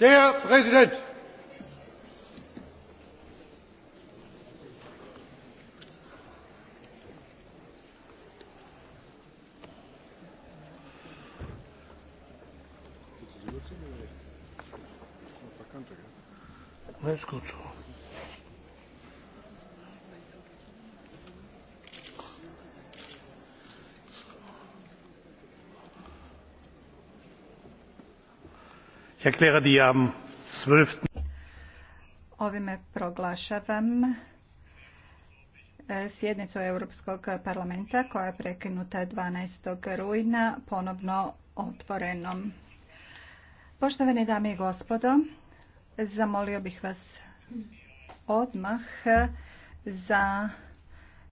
Der Präsident! Ne es erkläre Ovime proglašavam e, sjednicu Europskog parlamenta koja je prekinuta 12. rujna ponovno otvorenom. Poštovane dame i gospodo, zamolio bih vas odmah za